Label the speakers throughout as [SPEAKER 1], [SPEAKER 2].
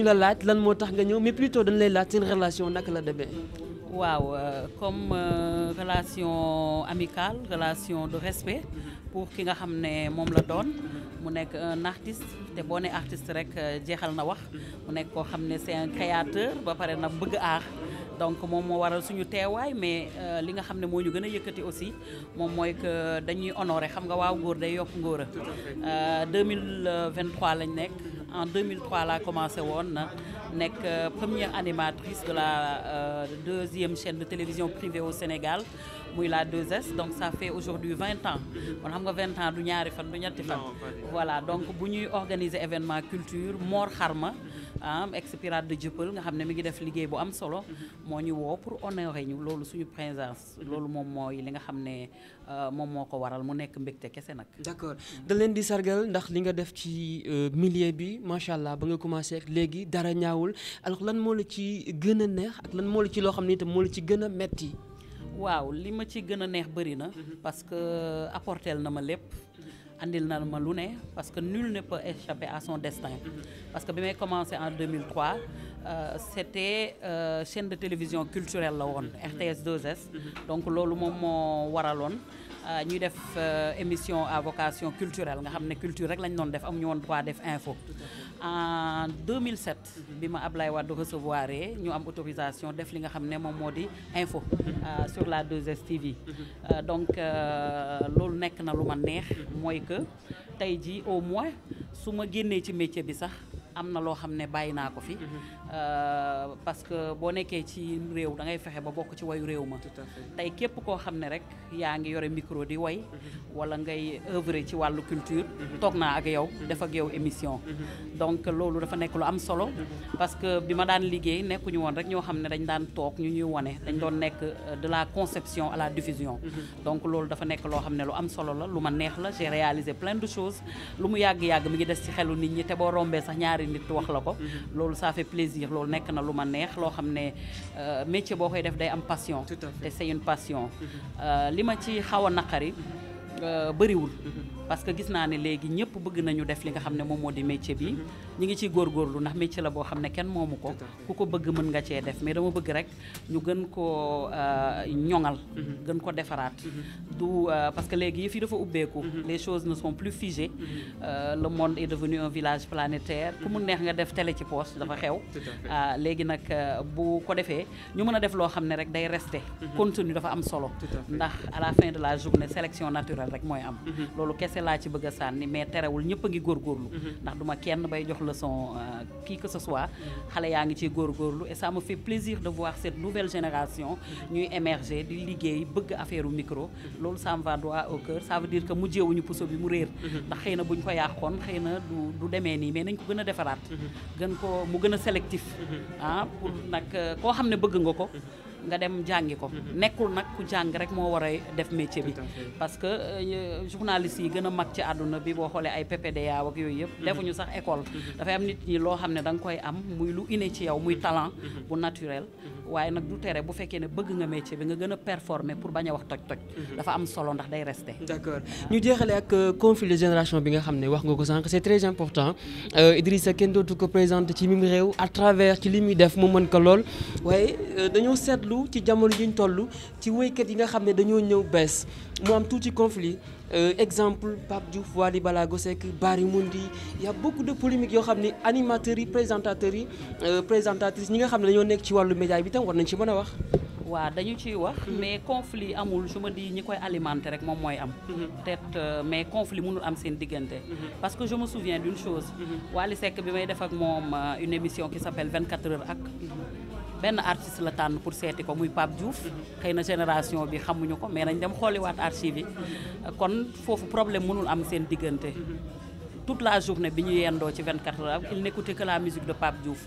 [SPEAKER 1] duñu la laaj lan moo tax nga ñëw mais plutôt dañ lay laaj seen relation naka la demee. waaw euh, comme euh, relation
[SPEAKER 2] amicale relation de respect pour ki nga xam ne moom la doon mu nekk un artiste te boo nee artiste rek euh, jeexal na wax mu nekk koo xam ne c'est créateur ba pare na bëgg aar. donc moom moo waral suñu teewaay mais li nga xam ne moo ñu gën a yëkkati aussi moom mooy que dañuy honoré xam nga waaw ngóor day yokk ngóora 2023 lañ nekk en 2003 laa commencé woon nekk euh, première animatrice de la euh, deuxième chaine de télévision privée au Sénégal muy la deux s donc ça fait aujourd'hui 20 ans kon xam nga 20 ans du ñaari fan du ñetti fan. voilà donc bu ñuy organiser événement culture Mor Xarma. ah ex pirate de Dieuppeul nga xam ne mi ngi def liggéey bu am solo. moo ñu woo pour honorer ñu loolu suñu présence. loolu moom mooy li nga xam
[SPEAKER 1] ne euh, moom moo ko waral mu nekk mbégte kese nag. d'accord da leen di sargal ndax li nga def ci euh, milieu bi macha allah ba nga commencé ak léegi dara ñaawul alors lan moo la ci gën a neex ak lan moo la ci loo xam ne itam moo la ci gën a metti
[SPEAKER 2] waaw li ma ci gën a neex bëri na. Mm-hmm. parce que euh, apporteel na ma lépp. Mm-hmm. andil na ma lu ne parce que nu ne peut échapper à son destin mm-hmm. parce que bi may commencé en 2003 euh, c'était euh, chaîne de télévision culturelle la woon mm-hmm. RTS 2 mm-hmm. donc loolu moom moo waraloon euh, ñuy def euh, émission à vocation culturelle nga xam ne culture rek lañ doon def am amuñu woon droit def info en 2007 bi ma Ablaye Wade recevoir ñoo am autorisation def li nga xam ne moom moo di info euh, sur la deux 2STV euh, donc euh, loolu nekk na lu ma neex mooy que tey jii au moins su ma génnee ci métier bi sax am na loo xam ne bàyyi naa ko fi. Mhm. Euh, parce que boo nekkee ci réew da ngay fexe ba bokk ci wayu réew ma. tey képp koo xam ne rek yaa ngi yore micro di way. Mhm. wala ngay œuvrer ci wàllu culture. Mhm. toog naa ak yow def ak yow émission. donc loolu dafa nekk lu am solo. parce que bi ma daan liggéey nekkuñu woon rek ñoo xam ne dañ daan toog ñu ñuy wane dañ doon nekk euh, de la conception à la diffusion. donc dafa nekk loo xam ne lu am solo la lu ma neex la j'ai réalisé plein de choses lu mu yàgg yàgg mu ngi des ci xelu nit ñi te boo rombee sax ñaar ñaari nit wax la ko mhm. loolu ça fait plaisir loolu nekk na lu ma neex loo xam ne euh, métier boo koy def day am passion te c'est une passion mhm. euh, li ma ci xaw a naqari euh, bëriwul mhm. parce que gis naa ne léegi ñëpp bëgg nañu def li nga xam ne moom moo di métier bi mhm. ñu ngi ciy góorgóorlu ndax métier la boo xam ne kenn moomu ko ku ko bëgg mën nga cee def mais bëgg rek ñu gën ko euh, ñoŋal mhm. gën ko defaraat mhm. du euh, parce que léegi yëf dafa ubbeeku les choses ne son plus figées euh, le monde est devenu un village planétaire ku mu neex nga def télé ci poche dafa xew léegi nag bu ko defee ñu mën a def loo xam ne rek day resté contenu dafa am solo ndax à la fin de la journée sélection naturelle rek mooy am loolu kese kese laa ci bëgg sànni mais terewul ñëpp a ngi góorgóorlu mm-hmm. ndax duma kenn bay jox leçon euh, qui que ce soit mm-hmm. xale yaa ngi góor góorgóorlu et ça me fait plaisir de voir cette nouvelle génération mm-hmm. ñuy émerger di liggéey bëgg affaire u micro loolu ça me va droit au cœur ça veut dire que mujjeewuñu puso bi mu réer ndax xëy na buñ ko yàqoon xëy na du du demee nii mais nañ ko gën a defaraat gën ko mu gën a sélectif ah pour nag euh, koo xam ne bëgg nga ko nga dem jàngi ko. Mhm. nekkul nag ku jàng rek moo war def métier bi. parce que euh, journaliste yi gën a mag ci àdduna bi boo xoolee ay PPDA ak yooyu yëpp. Mhm. defuñu sax école. Mhm. dafay am nit ñi loo xam ne danga koy am muy lu inné ci yow muy talent bu naturel. waaye nag du tere bu fekkee ne bëgg nga métier bi nga gën a performer pour bañ a wax toj toj mhm. dafa am solo ndax day resté d'accord ñu jeexale
[SPEAKER 1] ak euh, conflit de génération bi nga xam ne wax nga ko sànq c'est très important euh, Idrissa kenn dootu ko présenté ci mim réew à travers ci li muy def mu mën ko lool waaye euh, dañoo seetlu ci jamono ji ñu toll ci wéykat yi nga xam ne dañoo ñëw bees mu am tuuti conflit euh, exemple Pape Diouf Wally Balago Seck Barry Mundi di a bokk de polémiques yoo xam ni animateurs yi présentateurs yi euh, présentatrices ñi nga xam ne dañoo nekk ci wàllu média bi tam war nañ ci mën a wax.
[SPEAKER 2] waa dañu ciy wax mhm. mais conflit amul su ma di ñi koy alimenter rek moom mooy am mhm. peut-être euh, mais conflit mënul am seen diggante mhm. parce que je ma souviens d'une chose Wally sekk bi may def ak moom une émission qui s'appelle 24 heures ak benn artiste la tànn pour seeti ko muy Pape jouf xëy na génération bi xamuñu ko mais nañ dem xooliwaat archive yi kon foofu problème mënul am seen diggante toute la journée bi ñu yendoo ci 24 heures il n'écoutait que la musique de Pape Diouf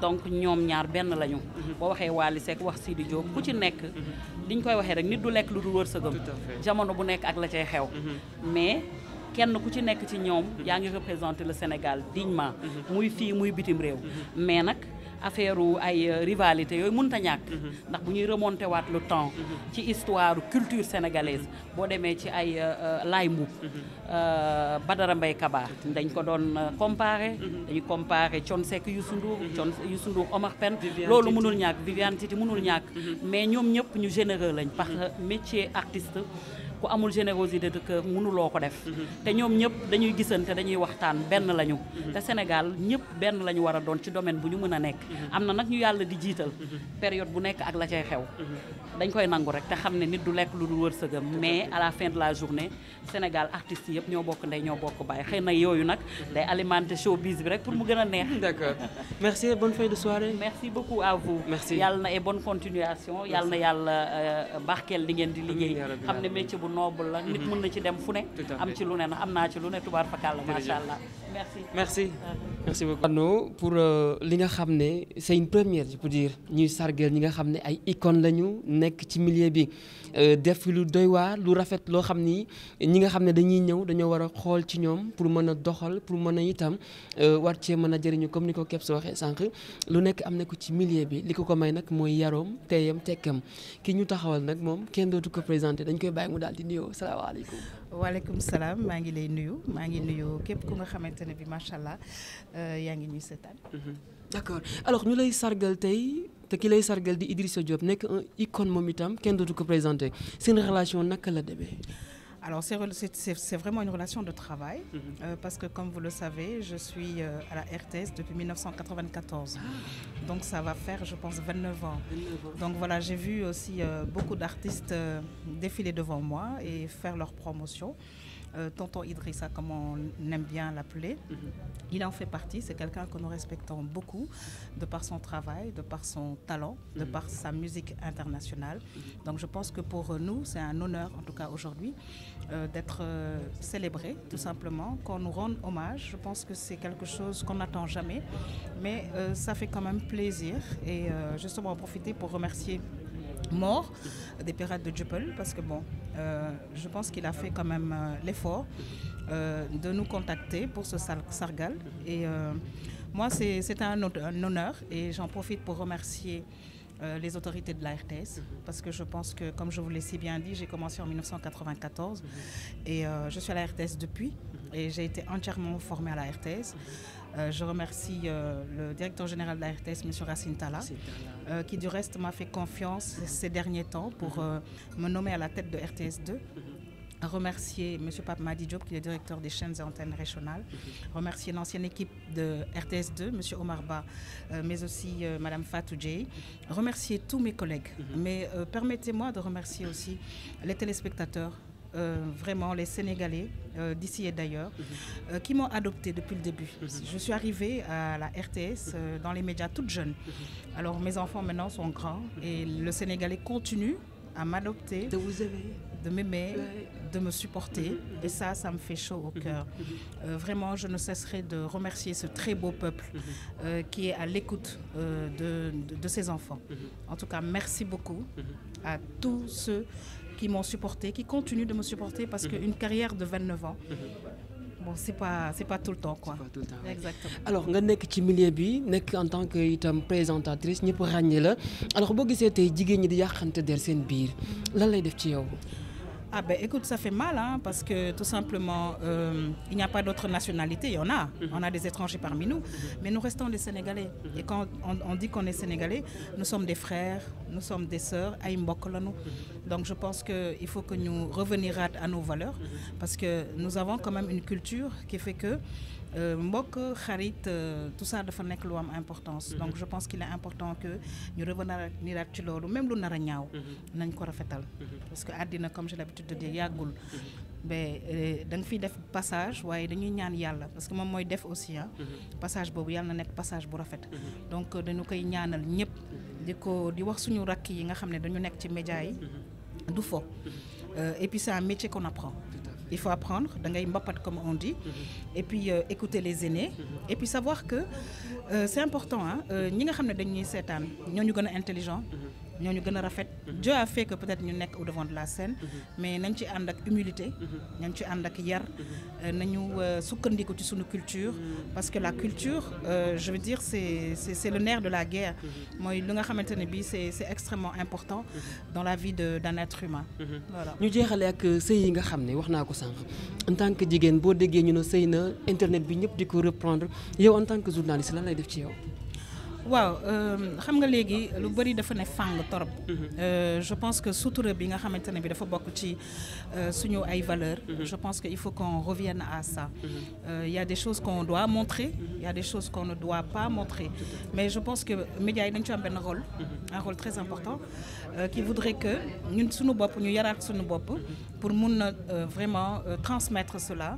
[SPEAKER 2] donc ñoom ñaar benn lañu boo waxee Wally Seck wax Sidi Diop ku ci nekk li ñu koy waxee rek nit du lekk lu dul wërsëgam jamono bu nekk ak la cay xew mhm. mais kenn ku ci nekk ci ñoom yaa ngi représenter la Sénégal dignement mhm. muy fii muy bitim réew mhm. mais nag affaire ay euh, rivalité yooyu mënut a ñàkk. Mhm. ndax bu ñuy remonté waat lu temps. Mhm. ci histoire culture sénégalaise mhm. boo demee ci ay euh, euh, laay mbub. Badara Mbaye Kaba dañ ko doon comparé. dañu comparé Thione yu Youssou Ndour. yu Youssou Ndour Omar Pène. loolu mënul ñàkk Viviane Titi mënul ñàkk. mais ñoom ñëpp ñu généreux lañ. parce que métier artiste. ku amul générosité de cœur mënuloo ko def mhm. te ñoom ñëpp dañuy gisante dañuy waxtaan benn lañu mhm. te Sénégal ñëpp benn lañu war a doon ci domaine bu ñu mën a nekk mhm. am na nag ñu yàlla di jiital période bu nekk ak la cay xew dañ koy nangu rek te xam ne nit du lekk lu dul wërsëgam mais à la fin de la journée Sénégal artistes yëpp ñoo bokk ndey ñoo bokk bàyyi xëy na yooyu nag day alimenter showbiz bi rek pour mu gën a neex d'accord merci et bonne fin de soirée merci beaucoup à vous merci yàlla na et bonne continuation yàlla na yàlla euh, barkeel li di liggéey xam ne noble la nit mën na ci dem fu ne am ci lu ne ndax am naa ci lu ne tubaar fakàll macha allah
[SPEAKER 1] merci merci euh. pour euh, li nga xam ne c'est première je peux dire ñuy sargeel ñi nga xam ne ay icône lañu nekk ci milieu bi euh, def fi lu doy waar lu rafet loo xam ni ñi nga xam ne dañuy ñëw dañoo war a xool ci ñoom pour mën a doxal pour mën a itam war cee mën a jëriñu comme ni ko Kebs waxee sànq lu nekk am na ko ci millier bi li ko ko may nag mooy yaroom teeyam tekkam ki ñu taxawal nag moom
[SPEAKER 3] di nuyoo salaamaaleykum. waaleykum salaam maa ngi lay nuyu maa ngi nuyu képp ku nga xamante ne bi macha allah euh, yaa ngi ñuy seetaan. Mhm. d' accord alors ñu lay sargal tey
[SPEAKER 1] te ki lay sargal di Idrissa Diop nekk un icône moom itam kenn dootu ko présenté seen relation naka la demee.
[SPEAKER 3] Alors, c'est vraiment une relation de mm-hmm. euh, parce que comme vous le savez, je suis euh, à ah. Donc, ça va faire, je pense, 29 ans. Donc, voilà, j'ai vu aussi euh, beaucoup d'artistes euh, défiler devant euh, tonton Idrissa, comme on aime bien l'appeler. Mm -hmm. Il en fait partie, c'est quelqu'un que nous respectons beaucoup, de par son travail, de par son talent, de mhm. par sa musique internationale. Mhm. je pense que pour nous, c'est un honneur, en tout cas aujourd'hui, euh, d'être euh, célébré, tout mhm. simplement, qu'on nous rende hommage. Je pense que c'est quelque chose qu'on n'attend jamais, mais euh, ça fait quand même plaisir. Et euh, justement, pour remercier mort euh, des pirates de Dieuppeul parce que bon, euh, je pense qu'il a fait quand même euh, l'effort euh, de nous contacter pour ce sargal. Et euh, moi, c'est un, un, honneur et j'en profite pour remercier euh, les autorités de la RTS, parce que je pense que, comme je vous l'ai si bien dit, j'ai commencé en 1994 et je suis à la RTS depuis et j'ai été entièrement formée à la RTS. Euh, je remercie euh, le directeur général de la RTS, M. Racine Tala, euh, qui du reste m'a fait confiance mm-hmm. ces derniers temps pour mm -hmm. me nommer à la tête de RTS 2. Mm -hmm remercier M. Pape Madi Diop, qui est directeur des chaînes et antennes régionales, mmh. l'ancienne équipe de RTS2, M. Omar Ba, euh, mais aussi euh, Mme Fatou Djei, mm-hmm. remercier tous mes collègues. Mm-hmm. Mais euh, permettez-moi de remercier aussi les téléspectateurs, euh, vraiment les Sénégalais euh, d'ici et d'ailleurs mhm. euh, qui m'ont adopté depuis le début. Mhm. Je suis arrivée à la RTS euh, dans les médias toute jeune. Mhm. Alors mes enfants maintenant sont grands et le Sénégalais continue à m'adopter. De vous éveiller de m'aimer, de me supporter. Et ça, me fait chaud au cœur. Euh, vraiment, je ne cesserai de remercier ce très beau peuple mm-hmm. euh, qui est à l'écoute euh, de, de, de, ses enfants. Mm-hmm. En tout cas, merci beaucoup mm-hmm. à tous ceux qui m'ont supporté, qui continuent de me supporter parce qu'une carrière de 29 ans, bon c'est pas c'est pas tout le temps quoi. exactement
[SPEAKER 1] alors nga nekk ci milieu bi nekk en tant que itam présentatrice ñëpp ràññee la alors boo gisee tey jigéen ñi di yàqante der seen bir lan lay def ci yow.
[SPEAKER 3] Ah ben écoute, ça fait mal, hein, parce que tout simplement, euh, il n'y a pas d'autres nationalités, il y en a. Mhm. On a des étrangers parmi nous, mhm. mais nous restons des Sénégalais. Mhm. Et quand on, on dit qu'on est Sénégalais, nous sommes des frères, nous sommes des sœurs, à Imbokolano. Donc je pense qu'il faut que nous revenions à nos valeurs, parce que nous avons quand même une culture qui fait que Euh, mbokk xarit euh, tout ça dafa nekk lu am importance mhm. donc je pense qu'il est important que ñu revenir ci loolu même lu nar a ñaaw mhm. nañ ko rafetal mhm. parce que àddina comme j'ai l'habitude de yàggul mais euh, da nga fiy def passage waaye dañuy ñaan yàlla parce que moom mooy def aussi ah passage boobu yàlla na nekk passage bu rafet donc dañu koy ñaanal ñëpp di ko di wax suñu rakk yi nga xam ne dañu nekk ci média yi du fo et puis c'est un métier qu'on il faut apprendre da ngay mbappat comme on dit
[SPEAKER 1] mhm.
[SPEAKER 3] et puis euh, écouter les aînés mhm. et puis savoir que euh, c'est important euh, ñi nga xam ne dañuy seetaan ñoo ñu gën a intelligent mhm. ñoo ñu gën a rafet. Mhm. Dieu a fait que peut-être ñu nekk au devant de la scène. Mhm. mais nañ ci ànd ak humilité. Mhm. nañ ci ànd ak yar. Euh, nañu euh, sukkandiku ci suñu culture. parce que la culture euh, je veux dire c'est le nerf de la guerre. mooy li nga xamante ne bii c'est c'est extrêmement important. dans la vie de d'un être humain. voilà ñu jeexale ak
[SPEAKER 1] sëy yi nga xam ne wax naa ko sànq en tant que jigéen boo déggee ñu ne sëy na internet bi ñëpp di ko reprendre yow en tant que journaliste lan lay def ci yow.
[SPEAKER 3] waaw euh, xam nga léegi lu bëri dafa ne fàng torop mhm. euh, je pense que sutura bi nga xamante ne bi dafa bokk ci euh, suñu ay valeurs mhm. je pense que il faut qu'on revienne à ça il mhm. y a des choses qu'on doit montrer il y a des choses qu'on ne doit pas montrer mais je pense que média yi dañ ci am benn rôle un rôle très important qui voudrait que ñun suñu bopp ñu yaraat suñu bopp pour mun na vraiment transmettre cela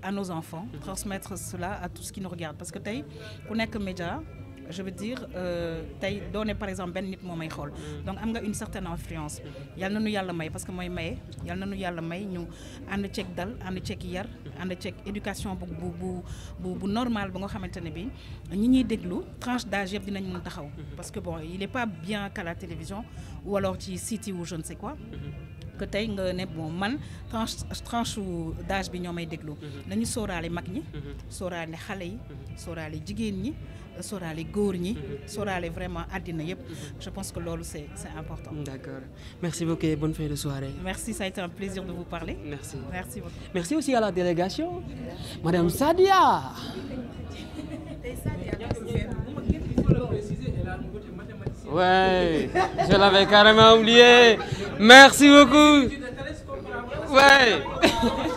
[SPEAKER 3] à nos enfants transmettre cela à tout ce qui nous regarde parce que tey ku nekk média je veux dire euh, tey doone par exemple benn nit moo may xool donc am nga une certaine influence yal na nu yàlla may parce que mooy maye yal na nu yàlla may ñu ànd ceeg dal ànd ceeg yar ànd ceeg éducation bu bu bu bu normal ba nga xamante ne bi ñi ñuy déglu tranche d'âge yëpp dinañ mën taxaw mm-hmm. parce que bon i est pas bien qu'à la télévision ou alors ci site ou je ne sais quoi mm-hmm. que tey nga ne bon man tranche tranche d'âge bi ñoo may déglo mhm. nañu sóoraale mag ñi. Mhm. sóoraale xale yi. Mhm. sóoraale jigéen ñi. sóoraale góor ñi. sóoraale vraiment àddina yëpp. je pense que loolu c'est c'est important. d'accord
[SPEAKER 1] merci beaucoup et bonne fin de soirée.
[SPEAKER 3] merci ça a été un plaisir de vous parler. merci merci beaucoup.
[SPEAKER 1] merci aussi à la délégation. madame Sadia. Ouais, je l'avais carrément oublié. Merci beaucoup. Ouais.